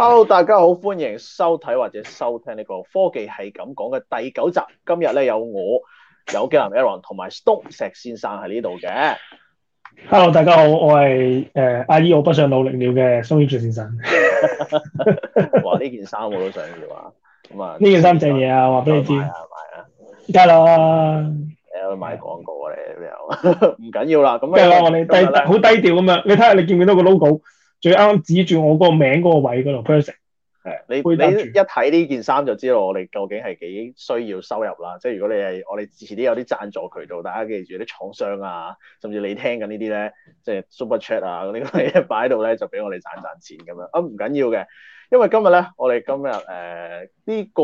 Hello，大家好，歡迎收睇或者收聽呢個科技係咁講嘅第九集。今日咧有我，有機男 Aaron 同埋 Stone 石先生喺呢度嘅。Hello，大家好，我係誒阿姨，我不想努力了嘅 Stone 先生。哇，呢件衫我都想要啊！咁啊，呢件衫正嘢啊，話俾你知。係咪啊，得啦。誒，我買廣告啊，你唔緊要啦，咁。得啦，我哋低好低調咁樣，你睇下你見唔見到個 logo？最啱指住我個名嗰個位嗰度，person 係你，你一睇呢件衫就知道我哋究竟係幾需要收入啦。即係如果你係我哋遲啲有啲贊助渠道，大家記住啲廠商啊，甚至你聽緊呢啲咧，即係 Super Chat 啊嗰啲嘢擺喺度咧，就俾我哋賺賺錢咁樣。啊，唔緊要嘅，因為今日咧，我哋今日誒呢個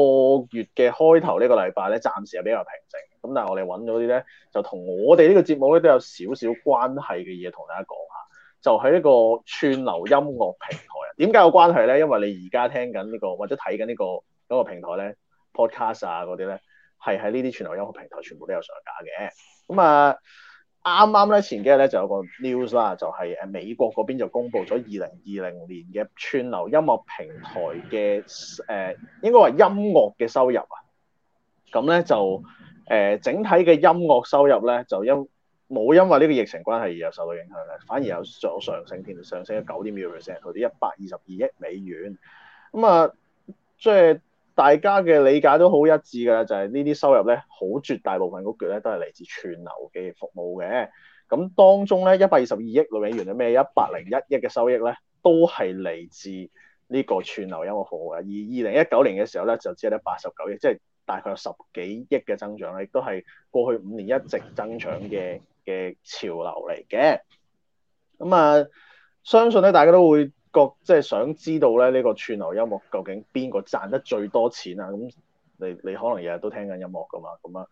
月嘅開頭呢個禮拜咧，暫時係比較平靜。咁但係我哋揾咗啲咧，就同我哋呢個節目咧都有少少關係嘅嘢同大家講。就喺呢個串流音樂平台啊！點解有關係咧？因為你而家聽緊呢、這個或者睇緊呢個嗰、這個平台咧，Podcast 啊嗰啲咧，係喺呢啲串流音樂平台全部都有上架嘅。咁、嗯、啊，啱啱咧前幾日咧就有個 news 啦，就係誒美國嗰邊就公布咗二零二零年嘅串流音樂平台嘅誒、呃，應該話音樂嘅收入啊。咁咧就誒、呃，整體嘅音樂收入咧就因。冇因為呢個疫情關係而受到影響咧，反而有所上升，添上升咗九點二 percent，去到一百二十二億美元。咁啊，即係大家嘅理解都好一致㗎，就係呢啲收入咧，好絕大部分嗰橛咧都係嚟自串流嘅服務嘅。咁當中咧一百二十二億美元嘅咩一百零一億嘅收益咧，都係嚟自呢個串流音樂服務嘅。而二零一九年嘅時候咧，就只係得八十九億，即係。大概有十幾億嘅增長咧，亦都係過去五年一直增長嘅嘅潮流嚟嘅。咁啊，相信咧，大家都會覺即係想知道咧，呢個串流音樂究竟邊個賺得最多錢啊？咁你，你可能日日都聽緊音樂噶嘛，咁啊，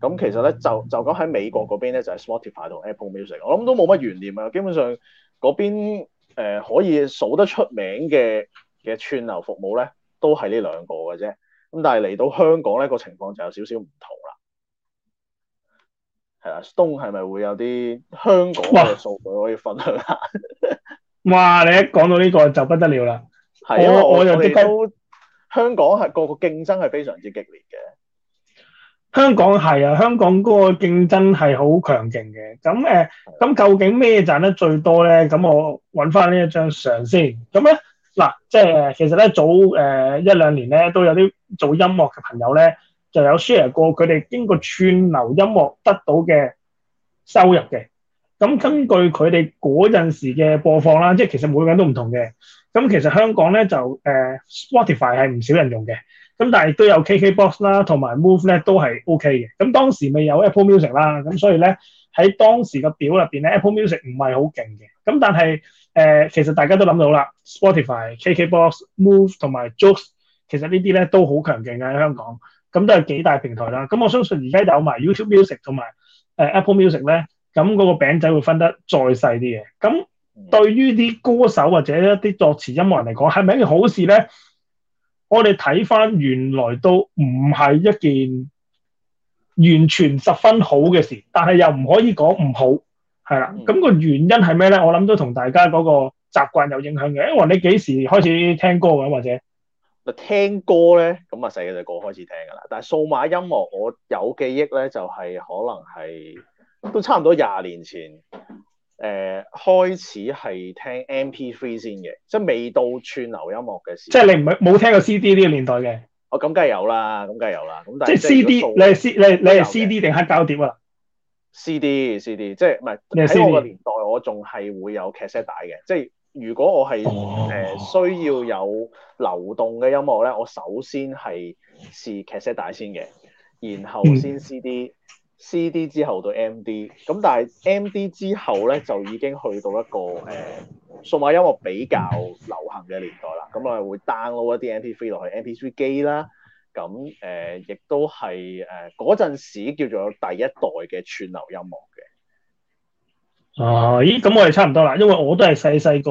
咁其實咧就，就講喺美國嗰邊咧，就係 Spotify 同 Apple Music。我諗都冇乜懸念啊。基本上嗰邊、呃、可以數得出名嘅嘅串流服務咧，都係呢兩個嘅啫。咁但係嚟到香港咧，個情況就有少少唔同啦，係啦，Stone，係咪會有啲香港嘅數據可以分享啊？哇！你一講到呢個就不得了啦，我我又都香港係個個競爭係非常之激烈嘅。香港係啊，香港嗰個競爭係好強勁嘅。咁誒，咁究竟咩賺得最多咧？咁我揾翻呢一張相先。咁咧。嗱，即係其實咧，早誒一兩年咧，都有啲做音樂嘅朋友咧，就有 share 過佢哋經過串流音樂得到嘅收入嘅。咁根據佢哋嗰陣時嘅播放啦，即係其實每個人都唔同嘅。咁其實香港咧就誒、呃、Spotify 係唔少人用嘅，咁但係都有 KKBox 啦，同埋 Move 咧都係 OK 嘅。咁當時未有 Apple Music 啦，咁所以咧。喺當時個表入邊咧，Apple Music 唔係好勁嘅，咁但係誒、呃，其實大家都諗到啦，Spotify、KKBox、Move 同埋 Joox，其實呢啲咧都好強勁嘅喺香港，咁都係幾大平台啦。咁我相信而家有埋 YouTube Music 同埋誒 Apple Music 咧，咁嗰個餅仔會分得再細啲嘅。咁對於啲歌手或者一啲作詞音樂人嚟講，係咪一件好事咧？我哋睇翻原來都唔係一件完全十分好嘅事，但係又唔可以講唔好，係啦。咁、嗯、個原因係咩咧？我諗都同大家嗰個習慣有影響嘅。因、哎、為你幾時開始聽歌嘅，或者嗱聽歌咧，咁啊細個就個開始聽噶啦。但係數碼音樂，我有記憶咧，就係可能係都差唔多廿年前，誒、呃、開始係聽 MP3 先嘅，即係未到串流音樂嘅時。即係你唔係冇聽過 CD 呢個年代嘅。哦，咁梗係有啦，咁梗係有啦，咁但係即係是 CD，你係 C，你你係 CD 定黑膠碟啊？CD，CD，即係唔係喺我個年代，我仲係會有 cassette 帶嘅。即係如果我係誒、哦呃、需要有流動嘅音樂咧，我首先係試 cassette 帶先嘅，然後先 CD，CD、嗯、CD 之後到 MD。咁但係 MD 之後咧，就已經去到一個誒數碼音樂比較流行嘅年代啦。咁啊，我會 download 一啲 MP3 落去 MP3 機啦。咁誒、呃，亦都係誒嗰陣時叫做第一代嘅串流音樂嘅。哦、啊，咦，咁我哋差唔多啦，因為我都係細細個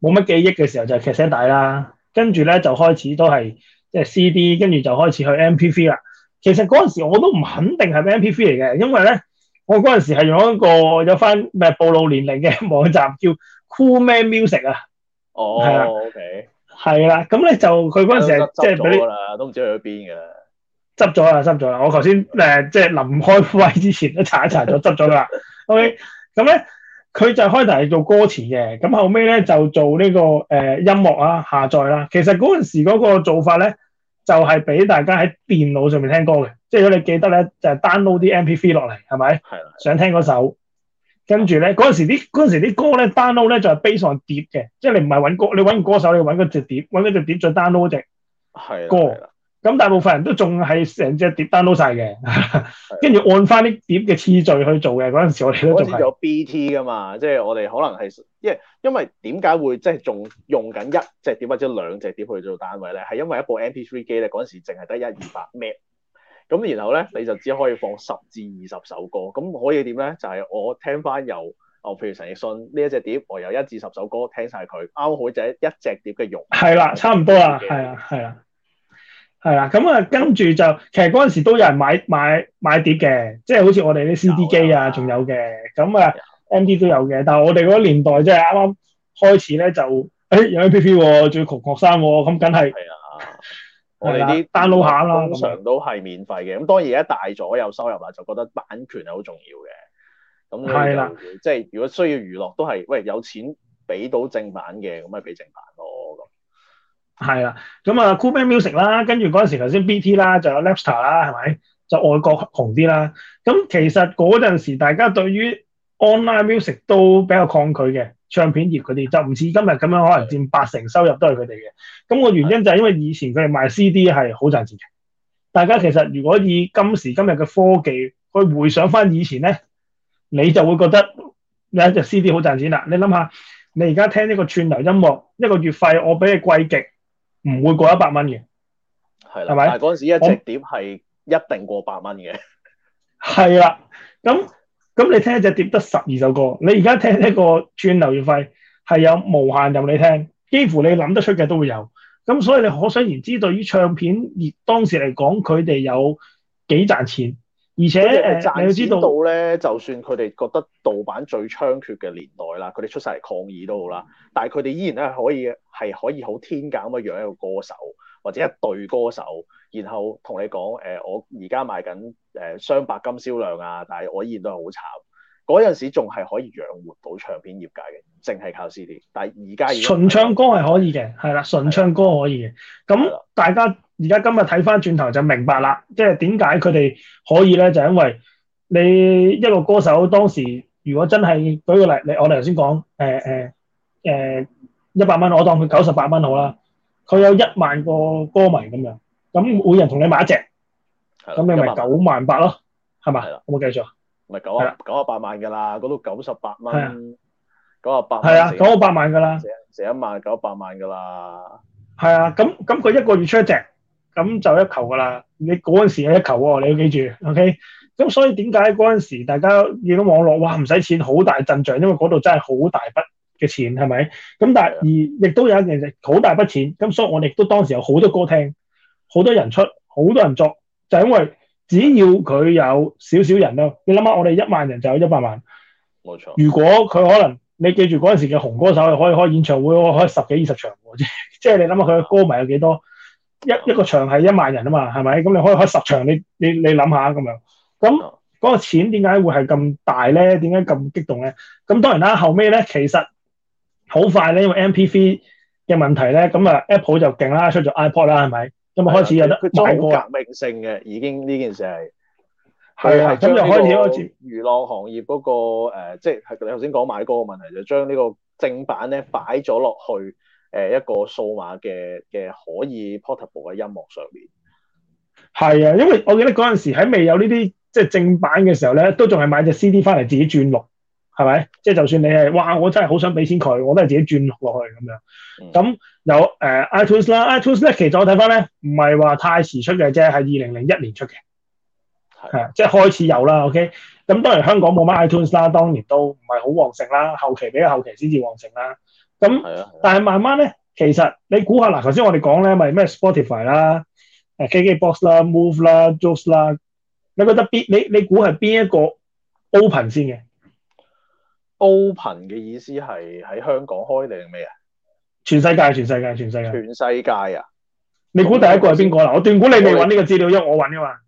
冇乜記憶嘅時候就係劇聲帶啦，跟住咧就開始都係即係 CD，跟住就開始去 MP3 啦。其實嗰陣時我都唔肯定係 MP3 嚟嘅，因為咧我嗰陣時係用一個有翻唔暴露年齡嘅網站叫 Cool Man Music 啊、哦。哦的，OK。係啦，咁咧就佢嗰陣時即係俾都唔知去咗邊噶啦，執咗啦，執咗啦。我頭先誒即係臨開會之前都查一查，就執咗啦。O K，咁咧佢就開頭係做歌詞嘅，咁後尾咧就做呢、呢個誒、呃、音樂啊下載啦。其實嗰陣時嗰個做法咧就係、係、俾大家喺電腦上面聽歌嘅，即係如果你記得咧就 download 啲 M P three 落嚟，係咪的？係啦，想聽嗰首。跟住咧，嗰陣時啲嗰陣時啲歌咧 download 咧就係 based 碟嘅，即係你唔係揾歌，你揾歌手，你揾嗰隻碟，揾嗰隻碟再 download 嗰隻歌。咁的大部分人都仲係成隻碟 download 晒嘅，的 跟住按翻啲碟嘅次序去做嘅。嗰陣的時我哋都仲有 BT 噶嘛，即係我哋可能係因為因為點解會即係仲用緊一隻碟或者兩隻碟去做單位咧？係因為一部 MP3 機咧，嗰陣時淨係得一二百 M。咁然後咧，你就只可以放十至二十首歌。咁可以點咧？就係、係、我聽翻由哦，譬如陳奕迅呢一隻碟，我有一至十首歌聽晒。佢，啱好就一隻碟嘅用。係啦，差唔多啦，係啊，係啊，係啦。咁啊，跟住就其實嗰陣時都有人買買買，買碟嘅，即係好似我哋啲 CD 機啊，仲有嘅、啊。咁啊，MD 都有嘅。但係我哋嗰年代即係啱啱開始咧，就、哎、誒有 A P P，仲要窮學生、哦，咁梗係。的 我哋啲 download 下啦，通常 都係免費嘅。咁當然一大咗有收入啦，就覺得版權係好重要嘅。咁係啦，即係的如果需要娛樂都係，喂有錢俾到正版嘅，咁咪俾正版咯。咁係啦。咁啊，c o 酷咩 music 啦，跟住嗰陣時頭先 BT 啦，仲有 Napster 啦，係咪？就外國紅啲啦。咁其實嗰陣時大家對於 online music 都比較抗拒嘅。唱片業佢哋就唔似今日咁樣，可能佔八成收入都係佢哋嘅。咁個原因就係因為以前佢哋賣 CD 係好賺錢嘅。大家其實如果以今時今日嘅科技去回想翻以前咧，你就會覺得有一隻 CD 好賺錢啦。你諗下，你而家聽呢個串流音樂，一個月費我俾你貴極，唔會過一百蚊嘅。係啦的，係咪？嗰陣時一隻碟係一定過百蚊嘅。係啦， 咁。咁你聽一隻碟得十二首歌，你而家聽呢個串流月費係有無限任你聽，幾乎你諗得出嘅都會有。咁所以你可想而知，對於唱片業當時嚟講，佢哋有幾賺錢，而且你、呃、你要知道咧，就算佢哋覺得盜版最猖獗嘅年代啦，佢哋出晒嚟抗議都好啦，但係佢哋依然咧可以係可以好天價咁樣養一個歌手。或者一對歌手，然後同你講誒、呃，我而家賣緊誒、呃、雙白金銷量啊！但係我依然都係好慘，嗰陣時仲係可以養活到唱片業界嘅，淨係靠 CD 但，但係而家要純唱歌係可以嘅，係啦，純唱歌可以嘅。咁的大家而家今日睇翻轉頭就明白啦，即係點解佢哋可以咧？就因為你一個歌手當時如果真係舉個例，你我哋頭先講誒誒誒一百蚊，我當佢九十八蚊好啦。嗯佢有一萬個歌迷咁樣，咁每人同你買一隻，咁的你咪九是的萬八咯，係咪的？係啦。有冇計錯？咪九啊，九啊八萬㗎啦，嗰度九十八蚊，九啊八萬。係啊，九啊八萬㗎啦，成一萬九百萬㗎啦。係啊，咁咁佢一個月出一隻，咁就一球㗎啦。你嗰陣時係一球喎，你要記住，OK。咁所以點解嗰陣時大家見到網絡哇，唔使錢，好大陣仗，因為嗰度真係好大筆。嘅錢係咪咁？但係而亦都有一件好大筆錢咁，所以我哋都當時有好多歌聽，好多人出，好多人作，就係、因為只要佢有少少人咯。你諗下，我哋一萬人就有一百萬，冇錯。如果佢可能你記住嗰陣時嘅紅歌手，可以開演唱會，開十幾二十場啫。即 係你諗下佢嘅歌迷有幾多一一個場係一萬人啊嘛？係咪咁？你可以開十場，你你你諗下咁樣咁嗰、嗰個錢點解會係咁大咧？點解咁激動咧？咁當然啦，後尾咧其實。好快咧，因為 M P three 嘅問題咧，咁啊 Apple 就勁啦，出咗 iPod 啦，係咪？咁啊的開始有得買歌，革命性嘅，已經呢件事係係係，咁就開始開始。娛樂行業嗰、那個誒、呃，即係你頭先講買歌嘅問題，就將呢個正版咧擺咗落去誒、呃、一個數碼嘅嘅可以 portable 嘅音樂上面。係啊，因為我記得嗰陣時喺未有呢啲即係正版嘅時候咧，都仲係買隻 CD 翻嚟自己轉錄。係咪？即係就算你係，哇！我真係好想俾錢佢，我都係自己轉落去咁樣。咁、嗯、有誒、呃、iTunes 啦，iTunes 咧，其實我睇翻咧，唔係話太遲出嘅啫，係二零零一年出嘅，係的的即係開始有啦。OK。咁當然香港冇乜 iTunes 啦，unes，當年都唔係好旺盛啦，後期比較後期先至旺盛啦。咁，的但係慢慢咧，其實你估下嗱，頭先我哋講咧，咪咩 Spotify 啦、KKBox 啦、就是、ify, K K Box, MOOV 啦、JOOX 啦，你覺得邊？你你估係邊一個 open 先嘅？Open 嘅意思係喺香港開定咩啊？全世界，全世界，全世界。全世界啊！你估第一個係邊個啦？我斷們估們你未搵呢個資料，因為我搵噶嘛。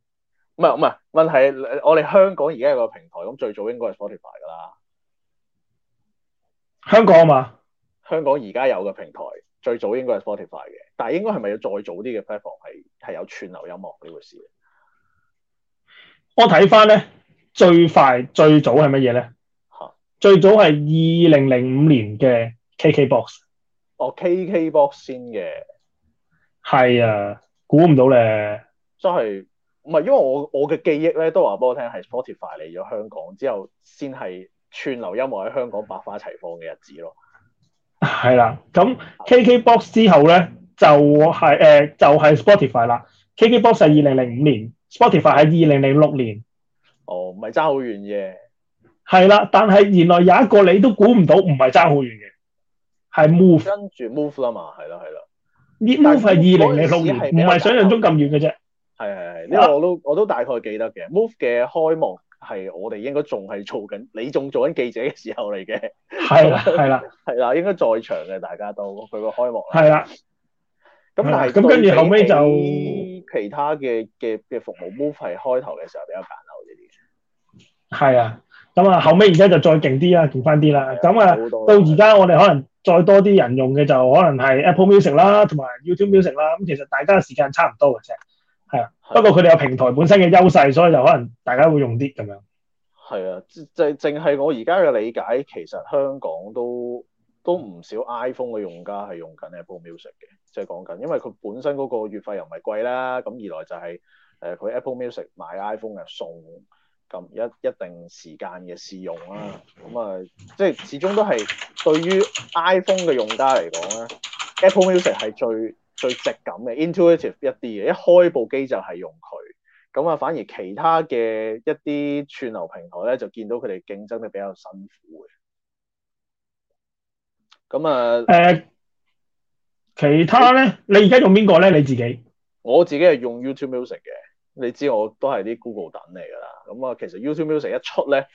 唔係唔係，問題我哋香港而家有個平台，咁最早應該係 Spotify 噶啦。香港啊嘛？香港而家有嘅平台，最早應該係 Spotify 嘅，但係應該係咪要再早啲嘅 platform 係係有串流音樂呢回事？我睇翻咧，最快最早係乜嘢咧？最早係二零零五年嘅 KKBox，哦 KKBox 先嘅，係啊，估唔到咧，真係唔係因為我我嘅記憶咧都話俾我聽係 Spotify 嚟咗香港之後，先係串流音樂喺香港百花齊放嘅日子咯，係啦、啊，咁 KKBox 之後咧就係、是、誒、呃、就係、是、Spotify 啦，KKBox 係二零零五年，Spotify 係二零零六年，年哦，唔係差好遠嘅。係啦，但係原來有一個你都估唔到不，唔係爭好遠嘅，係 Move 跟住 Move 啦嘛，係啦係啦，Move 係二零零六年，唔係想象中咁遠嘅啫。係係係，呢個我都我都大概記得嘅。啊、Move 嘅開幕係我哋應該仲係做緊，你仲做緊記者嘅時候嚟嘅。係啦係啦係啦，應該在場嘅大家都佢個開幕。係啦的，咁但係咁跟住後尾就其他嘅嘅嘅服務，Move 係開頭嘅時候比較簡陋呢啲嘅。係啊。咁啊，後尾而家就再勁啲啦，勁翻啲啦。咁啊，多到而家我哋可能再多啲人用嘅就可能係 Apple Music 啦，同埋 YouTube Music 啦。咁其實大家時間差唔多嘅啫。係、嗯、啊，不過佢哋有平台本身嘅優勢，所以就可能大家會用啲咁樣。係啊，就淨係我而家嘅理解，其實香港都都唔少 iPhone 嘅用家係用緊 Apple Music 嘅，即係講緊，因為佢本身嗰個月費又唔係貴啦。咁二來就係、是、誒佢、呃、Apple Music 買 iPhone 嘅送。咁一一定時間嘅試用啦、啊，咁啊，即係始終都係對於 iPhone 嘅用家嚟講咧、啊，Apple Music 係最最直感嘅，intuitive 一啲嘅，一開部機就係用佢。咁啊，反而其他嘅一啲串流平台咧，就見到佢哋競爭得比較辛苦嘅。咁啊，誒、呃，其他咧，你而家用邊個咧？你自己？我自己係用 YouTube Music 嘅。你知我都係啲 Google 粉嚟㗎啦，咁、嗯、啊其實 YouTube Music 一出咧，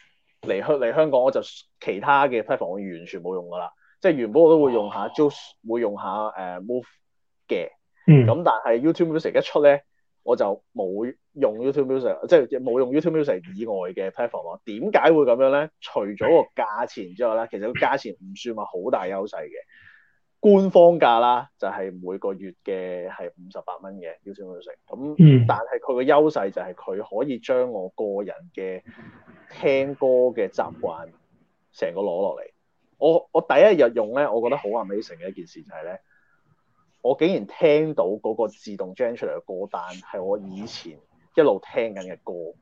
嚟香嚟香港我就，其他嘅 platform 我完全冇用㗎啦，即係原本我都會用下 Joox 會用下誒、uh, Move 嘅，咁、嗯、但係 YouTube Music 一出咧，我就冇用 YouTube Music，即係冇用 YouTube Music 以外嘅 platform。點解會咁樣咧？除咗個價錢之外咧，其實個價錢唔算話好大優勢嘅。官方價啦，就係、是、每個月嘅係五十八蚊嘅，要先完成。咁但係佢個優勢就係佢可以將我個人嘅聽歌嘅習慣成個攞落嚟。我我第一日用咧，我覺得好 Amazing 嘅一件事就係、是、咧，我竟然聽到嗰個自動 generate 嘅歌單係我以前一路聽緊嘅歌。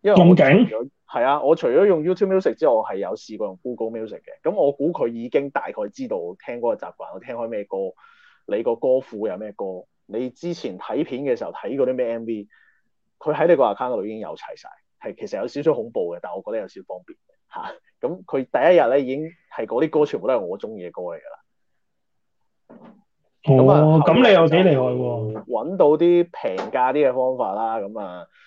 因為我係頂啊，我除咗用 YouTube Music 之外，我係有試過用 Google Music 嘅。咁我估佢已經大概知道我聽歌嘅習慣，我聽開咩歌，你個歌庫有咩歌，你之前睇片嘅時候睇嗰啲咩 MV，佢喺你個 account 度已經有齊晒。係其實有少少恐怖嘅，但係我覺得有少方便。吓、啊，咁佢第一日咧已經係嗰啲歌全部都係我中意嘅歌嚟噶啦。哦、咁、哦、你又幾厲害喎、啊！搵到啲平價啲嘅方法啦，咁啊～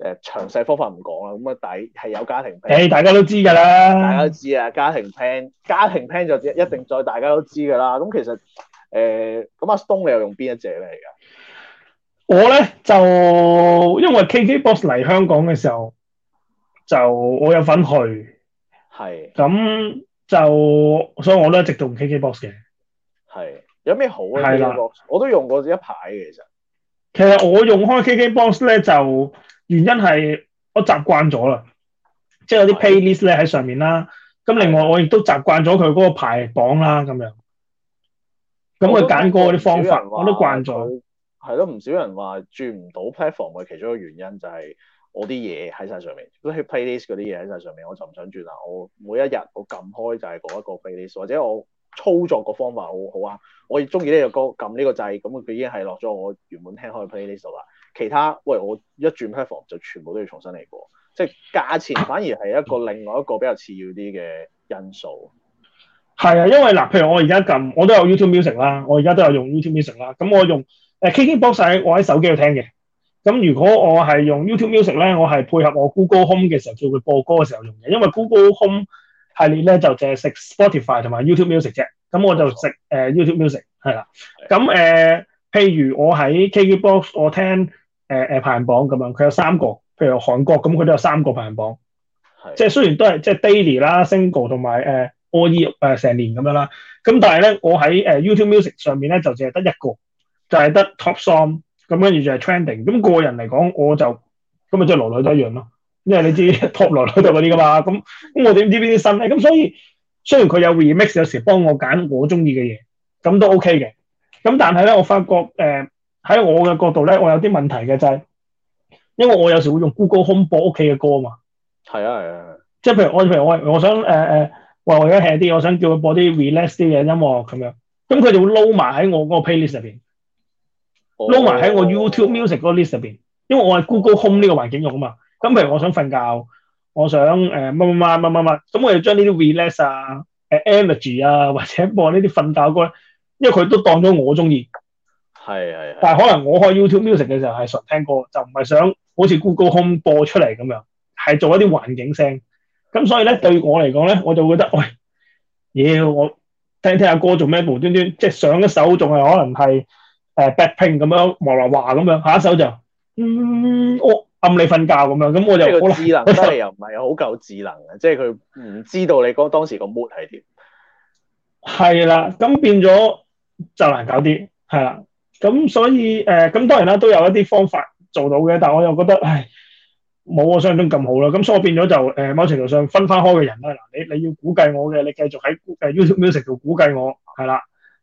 誒，詳細方法唔講啦，咁啊，底係有家庭 plan，誒，大家都知噶啦，大家都知啊，家庭 plan，家庭 plan 就一定再大家都知噶啦。咁其實誒，咁、呃、阿 Stone 你又用邊一隻咧而家？我咧就因為 KKBox 嚟香港嘅時候，就我有份去，係的，咁就所以我都一直都用 KKBox 嘅，係，有咩好啊的 KKBox，我都用過一排嘅其實，其實我用開 KKBox 咧就。原因係我習慣咗啦，即係有啲 playlist 咧喺上面啦。咁的另外我亦都習慣咗佢嗰個排榜啦，咁樣。咁佢揀過嗰啲方法，我都慣咗。係咯，唔少人話轉唔到 platform 嘅其中一個原因就係我啲嘢喺晒上面，嗰啲 playlist 嗰啲嘢喺晒上面，我就唔想轉啦。我每一日我撳開就係嗰一個 playlist，或者我操作個方法好好呀，我中意呢隻歌撳呢個掣，咁佢已經係落咗我原本聽開 playlist 啦。其他喂，我一轉 platform 就全部都要重新嚟過。即係價錢反而係一個另外一個比較次要啲嘅因素。係啊，因為嗱，譬如我而家撳，我都有 YouTube Music 啦，我而家都有用 YouTube Music 啦。咁我用誒 KKBox，我喺手機度聽嘅。咁如果我係用 YouTube Music 咧，我係配合我 Google Home 嘅時候叫佢播歌嘅時候用嘅，因為 Google Home 系列咧就淨係食 Spotify 同埋 YouTube Music 啫。咁我就食誒 YouTube Music 係啦。咁誒、呃，譬如我喺 KKBox 我聽。誒誒、呃、排行榜咁樣，佢有三個，譬如韓國咁，佢都有三個排行榜，是的 即係雖然都係即係 daily 啦、single 同埋誒 all year 誒成年咁樣啦。咁但係咧，我喺誒、呃、YouTube Music 上面咧就淨係得一個，就係、是、得 top song 咁跟住就係 trending、嗯。咁個人嚟講，我就咁啊，即係男女都一樣咯。因為你知 top 男女都嗰啲㗎嘛。咁咁我點知邊啲新咧？咁所以雖然佢有 remix，有時幫我揀我中意嘅嘢，咁都 OK 嘅。咁但係咧，我發覺誒。呃喺我嘅角度咧，我有啲問題嘅就係、是，因為我有時會用 Google Home 播屋企嘅歌啊嘛。係啊係啊，即係、啊、譬如我譬如我，我想誒誒，我我而家 hea 啲，我想叫佢播啲 relax 啲嘅音樂咁樣，咁佢就會撈埋喺我嗰個 playlist 入邊撈埋喺、哦、我 YouTube Music 嗰個 list 入邊，因為我係 Google Home 呢個環境用啊嘛。咁譬如我想瞓覺，我想誒乜乜乜乜乜乜，咁我要將呢啲 relax 啊、energy 啊或者播呢啲瞓覺歌，因為佢都當咗我中意。係係，但係可能我開 YouTube Music 嘅時候係純聽歌，就唔係想好似 Google Home 播出嚟咁樣，係做一啲環境聲。咁所以咧，對我嚟講咧，我就會覺得喂，咦、哎，我聽聽下歌做咩無端端，即係上一首仲係可能係誒、呃、BLACKPINK 咁樣嘩啦嘩咁樣，下一首就嗯我、哦、暗你瞓覺咁樣，咁我就好智能真係又唔係好夠智能嘅， 即係佢唔知道你嗰當時個 mood 係點。係啦，咁變咗就難搞啲，係啦。咁所以，誒、呃、咁當然啦，都有一啲方法做到嘅，但係我又覺得，唉，冇我想象中咁好啦。咁所以我變咗就，誒、呃、某程度上分翻開嘅人啦。嗱，你你要估計我嘅，你繼續喺 YouTube Music 度估計我係啦。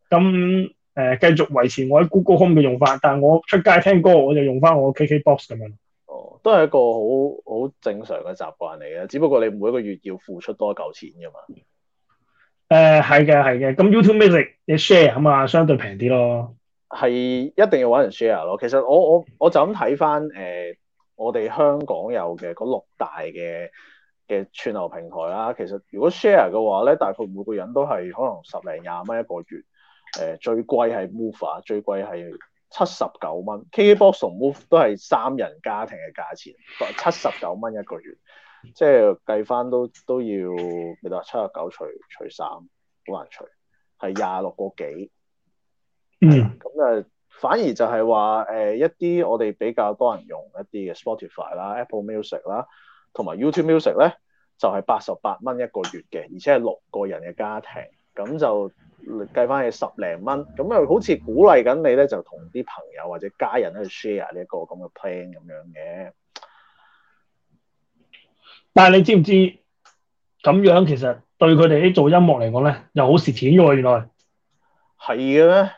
咁誒、嗯呃、繼續維持我喺 Google Home 嘅用法，但係我出街聽歌我就用翻我 KK Box 咁樣。哦，都係一個好好正常嘅習慣嚟嘅，只不過你每一個月要付出多嚿錢㗎嘛。誒，係嘅係嘅，咁 YouTube Music 你 share 啊嘛，相對平啲咯。係一定要搵人 share 咯。其實我我我就咁睇翻誒，我哋香港有嘅六大嘅嘅串流平台啦。其實如果 share 嘅話咧，大概每個人都係可能十零廿蚊一個月。誒、呃、最貴係 MOOV，最貴係七十九蚊。KKBOX 同 MOOV 都係三人家庭嘅價錢，七十九蚊一個月，即係計翻都都要你話七十九除除三，好難除，係廿六個幾。嗯，咁誒，反而就係話誒，一啲我哋比較多人用一啲嘅 Spotify 啦、Apple Music 啦，同埋 YouTube Music 咧，就係八十八蚊一個月嘅，而且係六個人嘅家庭，咁就計翻係十零蚊，咁又好似鼓勵緊你咧，就同啲朋友或者家人去 share 呢一個咁嘅 plan 咁樣嘅。但係你知唔知咁樣其實對佢哋啲做音樂嚟講咧，又好蝕錢喎，原來係嘅咧？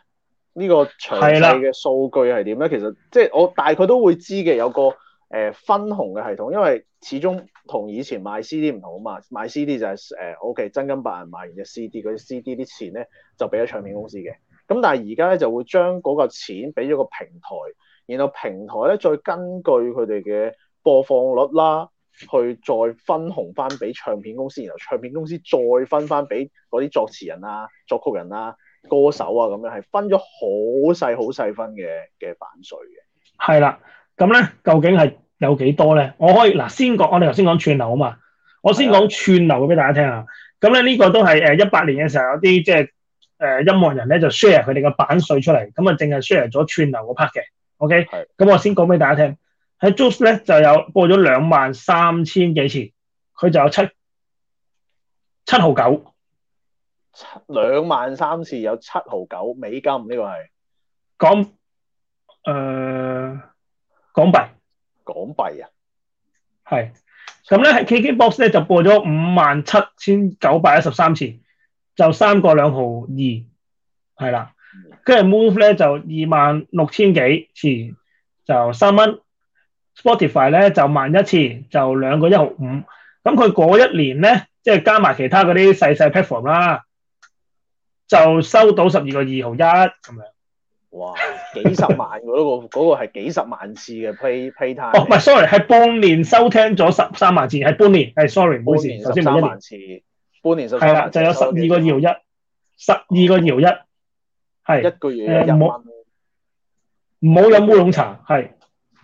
呢個詳細嘅數據係點咧？其實即係我大概都會知嘅，有個誒、呃、分紅嘅系統，因為始終同以前賣 CD 唔同啊嘛。賣 CD 就係、是、誒、呃、O.K. 真金白銀賣完嘅 CD，嗰啲 CD 啲錢咧就俾咗唱片公司嘅。咁但係而家咧就會將嗰個錢俾咗個平台，然後平台咧再根據佢哋嘅播放率啦，去再分紅翻俾唱片公司，然後唱片公司再分翻俾嗰啲作詞人啊、作曲人啦。歌手啊，咁樣係分咗好細好細分嘅嘅版稅嘅。係啦，咁咧究竟係有幾多咧？我可以嗱先講，我哋頭先講串流啊嘛，的我先講串流嘅俾大家聽啊。咁咧呢個都係誒，一八年嘅時候有啲即係誒音樂人咧就 share 佢哋嘅版稅出嚟，咁啊淨係 share 咗串流嗰 part 嘅。OK，係。咁我先講俾大家聽，喺 Juice 咧就有播咗兩萬三千幾次，佢就有七七毫九。兩萬三次有七毫九美金，呢、這個係港誒、呃、港幣港幣啊，係，咁咧喺 K K Box 咧就播咗五萬七千九百一十三次，就三個兩毫二係啦。跟住 Move 咧就二萬六千幾次就三蚊，Spotify 咧就萬一次就兩個一毫五。咁佢嗰一年咧，即係加埋其他嗰啲細細 platform 啦。就收到十二個二毫一咁樣，哇！幾十萬嗰個嗰個係幾十萬次嘅 pay pay time 哦，唔係，sorry，係半年收聽咗十三萬次，係半年，係 sorry，唔好意思，首先十三萬次，半年收三萬係啦，就有十二個二毫一，十二個二毫一，係一個月一蚊，唔好飲烏龍茶，係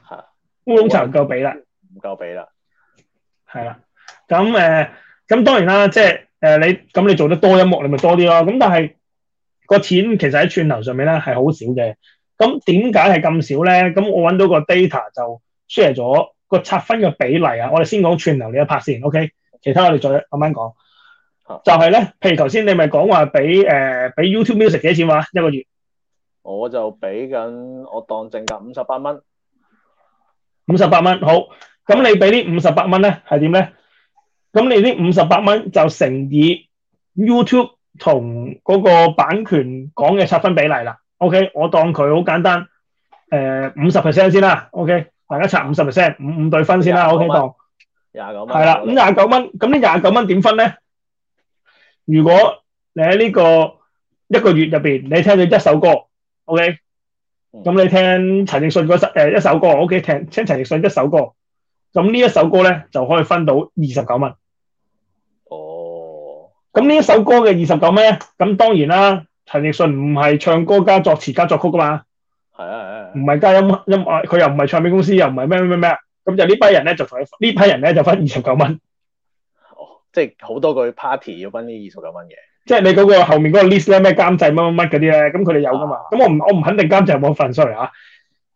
吓，烏龍茶夠俾啦，唔夠俾啦，係啦，咁誒，咁當然啦，即係。誒、呃、你咁你做得多音樂，你咪多啲咯。咁但係、個錢其實喺串流上面咧係好少嘅。咁點解係咁少咧？咁我揾到個 data 就 share 咗個拆分嘅比例啊。我哋先講串流呢一 part 先，OK？其他我哋再慢慢講。就係、咧，譬如頭先你咪講話俾誒俾、呃、YouTube Music 幾多錢嘛、啊？一個月我就俾緊，我當淨額五十八蚊。五十八蚊好。咁你俾啲五十八蚊咧係點咧？咁你呢五十八蚊就乘以 YouTube 同嗰個版權講嘅拆分比例啦。OK，我當佢好簡單，誒五十 percent 先啦。OK，大家拆五十 percent，五五對分先啦。OK，當廿九蚊，係啦，咁廿九蚊，咁呢廿九蚊點分咧？如果你喺呢個一個月入邊，你聽到一首歌，OK，咁你聽陳奕迅嗰首誒一首歌，OK，聽聽陳奕迅一首歌，咁、okay? 呢一首歌咧、okay? 就可以分到二十九蚊。咁呢一首歌嘅二十九蚊，咁當然啦。陳奕迅唔係唱歌加作詞加作曲噶嘛，係啊，唔係、啊、加音音樂，佢又唔係唱片公司，又唔係咩咩咩，咁就呢班人咧就分呢批人咧就分二十九蚊。哦，即係好多個 party 要分呢二十九蚊嘅，即係你嗰個後面嗰個 list 咧咩監製乜乜乜嗰啲咧，咁佢哋有噶嘛？咁、啊、我唔我唔肯定監製冇份 sorry 啊？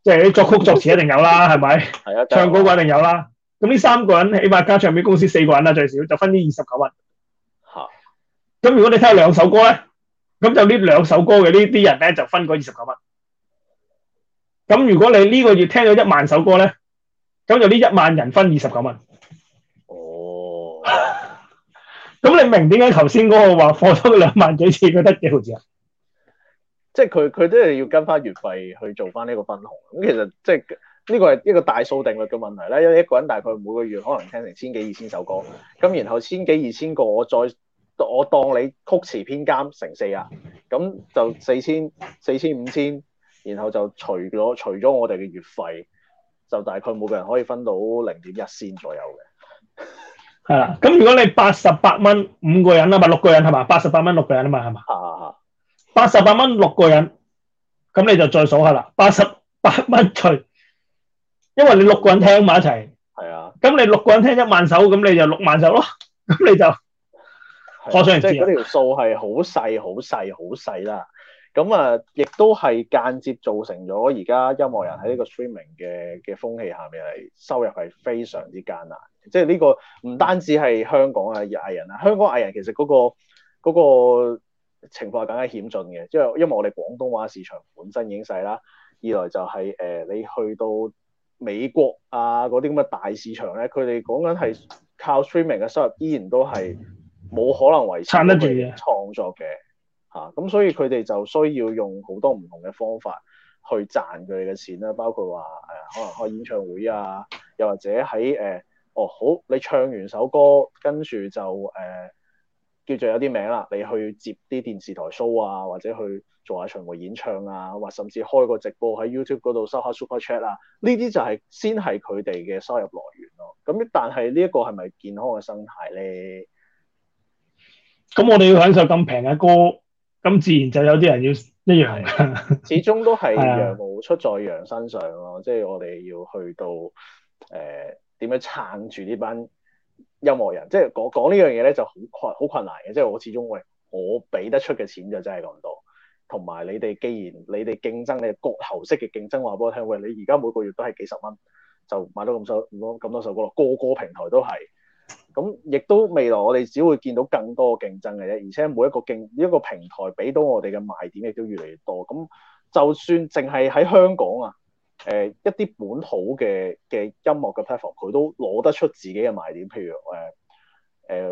即係你作曲作詞一定有啦，係咪？ 係啊，唱歌一定有啦。咁呢、啊、三個人起碼加唱片公司四個人啦，最少，就分呢二十九蚊。咁如果你聽咗兩首歌咧，咁就呢兩首歌嘅呢啲人咧就分嗰二十九蚊。咁如果你呢個月聽咗一萬首歌咧，咁就呢一萬人分二十九蚊。哦。咁你明點解頭先嗰個話放咗兩萬幾次佢得幾毫子啊？即係佢佢都係要跟翻月費去做翻呢個分紅。咁其實即係呢個係一個大數定律嘅問題啦。因為一個人大概每個月可能聽成千幾二千首歌，咁然後千幾二千個我再。我當你曲詞編監乘四啊，咁就四千四千五千，然後就除咗除咗我哋嘅月費，就大概每個人可以分到零點一仙左右嘅。係啦，咁如果你八十八蚊五個人啊，嘛，六個人係嘛？八十八蚊六個人啊嘛係嘛？八十八蚊六個人，咁你就再數下啦。八十八蚊除，因為你六個人聽埋一齊，係啊的，咁你六個人聽一萬首，咁你就六萬首咯，咁你就。即係嗰條數係好細、好細、好細啦。咁啊，亦都係間接造成咗而家音樂人喺呢個 streaming 嘅嘅風氣下面係收入係非常之艱難。即係呢個唔單止係香港啊藝人啊，香港藝人其實嗰個嗰個情況係更加險峻嘅，因為因為我哋廣東話市場本身已經細啦。二來就係、是、誒、呃，你去到美國啊嗰啲咁嘅大市場咧，佢哋講緊係靠 streaming 嘅收入依然都係。冇可能維持嘅創作嘅嚇，咁、啊、所以佢哋就需要用好多唔同嘅方法去賺佢哋嘅錢啦。包括話誒、啊，可能開演唱會啊，又或者喺誒、啊、哦好，你唱完首歌，跟住就誒、啊、叫做有啲名啦，你去接啲電視台 show 啊，或者去做下巡迴演唱啊，或甚至開個直播喺 YouTube 嗰度收下 super chat 啊，呢啲就係、是、先係佢哋嘅收入來源咯。咁但係呢一個係咪健康嘅生態咧？咁我哋要享受咁平嘅歌，咁自然就有啲人要一樣。 始終都係羊毛出在羊身上咯， 的即係我哋要去到誒點、呃、樣撐住呢班音樂人，即係講講呢樣嘢咧就好困好困難嘅。即係我始終喂，我俾得出嘅錢就真係咁多，同埋你哋既然你哋競爭，你係割喉式嘅競爭，話俾我聽喂，你而家每個月都係幾十蚊就買到咁首多咁多首歌咯，個個平台都係。咁亦都未來，我哋只會見到更多競爭嘅啫。而且每一個競一個平台俾到我哋嘅賣點，亦都越嚟越多。咁就算淨係喺香港啊，誒、呃、一啲本土嘅嘅音樂嘅 platform，佢都攞得出自己嘅賣點。譬如誒誒、呃、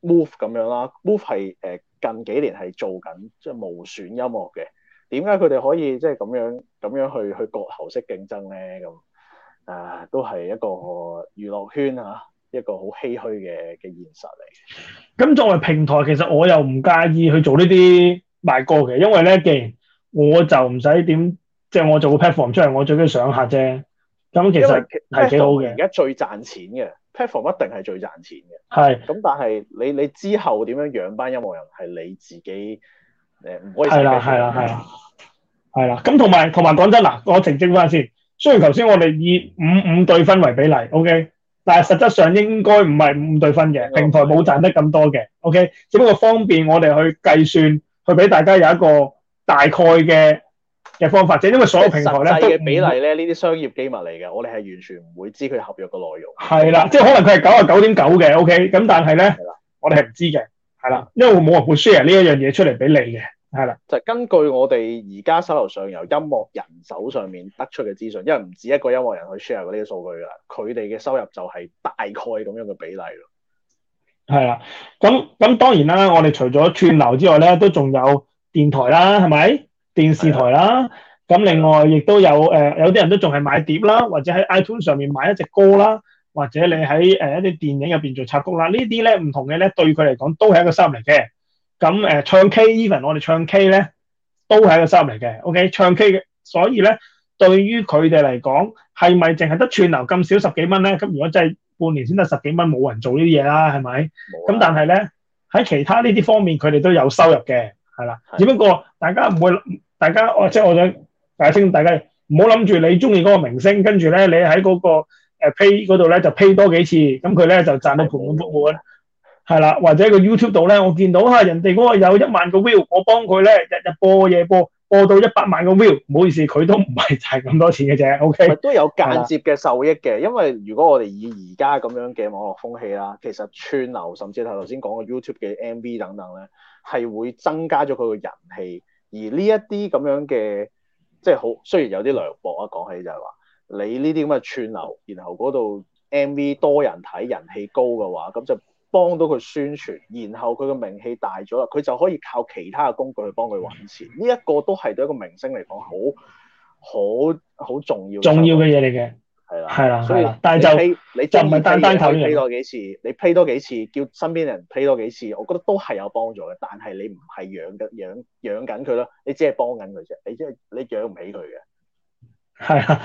move 咁樣啦，move 係誒、呃、近幾年係做緊即係無損音樂嘅。點解佢哋可以即係咁樣咁樣去去割喉式競爭咧？咁啊、呃，都係一個娛樂圈啊。一個好唏嘘嘅嘅現實嚟。咁作為平台，其實我又唔介意去做呢啲賣歌嘅，因為咧，既然我就唔使點，即係我做個 platform 出嚟，我最緊要上客啫。咁其實係幾好嘅。而家最賺錢嘅 platform 一定係最賺錢嘅。係的。咁但係你你之後點樣養班音樂人，係你自己誒，唔可以係啦，係啦，係啦，係啦。咁同埋同埋講真嗱，我澄清翻先。雖然頭先我哋以五五對分為比例，OK。但係實質上應該唔係五五對分嘅，平台冇賺得咁多嘅，OK？只不過方便我哋去計算，去俾大家有一個大概嘅嘅方法啫。因為所有平台咧都實際嘅比例咧，呢啲商業機密嚟嘅，我哋係完全唔會知佢合約嘅內容。係啦，即係可能佢係九啊九點九嘅，OK？咁但係咧，的我哋係唔知嘅，係啦，因為冇人會 share 呢一樣嘢出嚟俾你嘅。係啦，就根據我哋而家手頭上由音樂人手上面得出嘅資訊，因為唔止一個音樂人去 share 嗰啲數據噶啦，佢哋嘅收入就係大概咁樣嘅比例咯。係啦，咁咁當然啦，我哋除咗串流之外咧，都仲有電台啦，係咪？電視台啦，咁的另外亦都有誒、呃，有啲人都仲係買碟啦，或者喺 iTunes 上面買一隻歌啦，或者你喺誒、呃、一啲電影入邊做插曲啦，呢啲咧唔同嘅咧，對佢嚟講都係一個收入嚟嘅。咁誒、呃、唱 K even 我哋唱 K 咧都係一個收入嚟嘅，OK 唱 K 嘅，所以咧對於佢哋嚟講係咪淨係得串流咁少十幾蚊咧？咁如果真係半年先得十幾蚊，冇人做了呢啲嘢啦，係咪？咁但係咧喺其他呢啲方面佢哋都有收入嘅，係啦。的只不過大家唔會，大家我即係我想解釋，大家唔好諗住你中意嗰個明星，跟住咧你喺嗰、那個、呃、pay 嗰度咧就 pay 多幾次，咁佢咧就賺到盆滿缽滿。係啦，或者個 YouTube 度咧，我見到吓人哋嗰個有一萬個 view，我幫佢咧日日播夜播，播到一百萬個 view，唔好意思，佢都唔係賺咁多錢嘅啫。OK，都有間接嘅受益嘅，的因為如果我哋以而家咁樣嘅網絡風氣啦，其實串流甚至係頭先講嘅 YouTube 嘅 MV 等等咧，係會增加咗佢嘅人氣，而呢一啲咁樣嘅即係好雖然有啲涼薄啊，講起就係話你呢啲咁嘅串流，然後嗰度 MV 多人睇，人氣高嘅話，咁就。幫到佢宣傳，然後佢嘅名氣大咗啦，佢就可以靠其他嘅工具去幫佢揾錢。呢一個都係對一個明星嚟講好好好重要重要嘅嘢嚟嘅。係啦，係啦，係啦。但係就你喜就唔係單單投你批多幾次，你批多幾次，叫身邊人批多幾次，我覺得都係有幫助嘅。但係你唔係養嘅養養緊佢咯，你只係幫緊佢啫。你只係你養唔起佢嘅。係啊，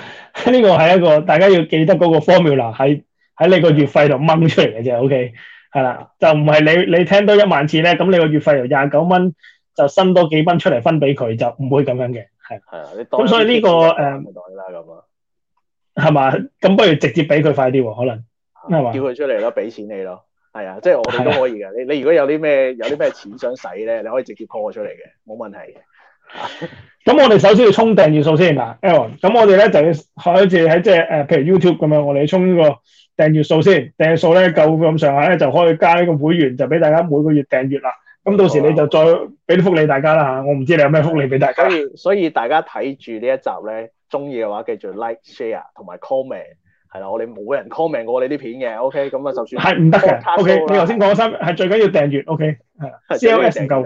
呢個係一個大家要記得嗰個 formula 喺喺你個月費度掹出嚟嘅啫。OK。係啦，就唔係你你聽到一萬次咧，咁你個月費由廿九蚊就新多幾蚊出嚟分俾佢，就唔會咁樣嘅。係係啊，你當咁所以呢、這個誒唔袋啦咁啊，係嘛、呃？咁不如直接俾佢快啲喎，可能係嘛？叫佢出嚟咯，俾錢你咯。係啊，即係我哋都可以噶。的你你如果有啲咩有啲咩錢想使咧，你可以直接 call 我出嚟嘅，冇問題嘅。咁 我哋首先要充訂閱數先啊 Aaron 咁我哋咧就要開始喺即係誒，譬如 YouTube 咁樣，我哋充呢個訂閱數先，訂閱數咧夠咁上下咧就可以加呢個會員，就俾大家每個月訂閱啦。咁到時你就再俾啲福利大家啦吓，我唔知你有咩福利俾大家、嗯。所以大家睇住呢一集咧，中意嘅話繼續 Like、Share 同埋 Comment 係啦，我哋冇人 Comment 過我哋啲片嘅。OK，咁啊，就算係唔得嘅。OK，你頭先講咗三，係最緊要訂閱。OK，係 COS 唔夠。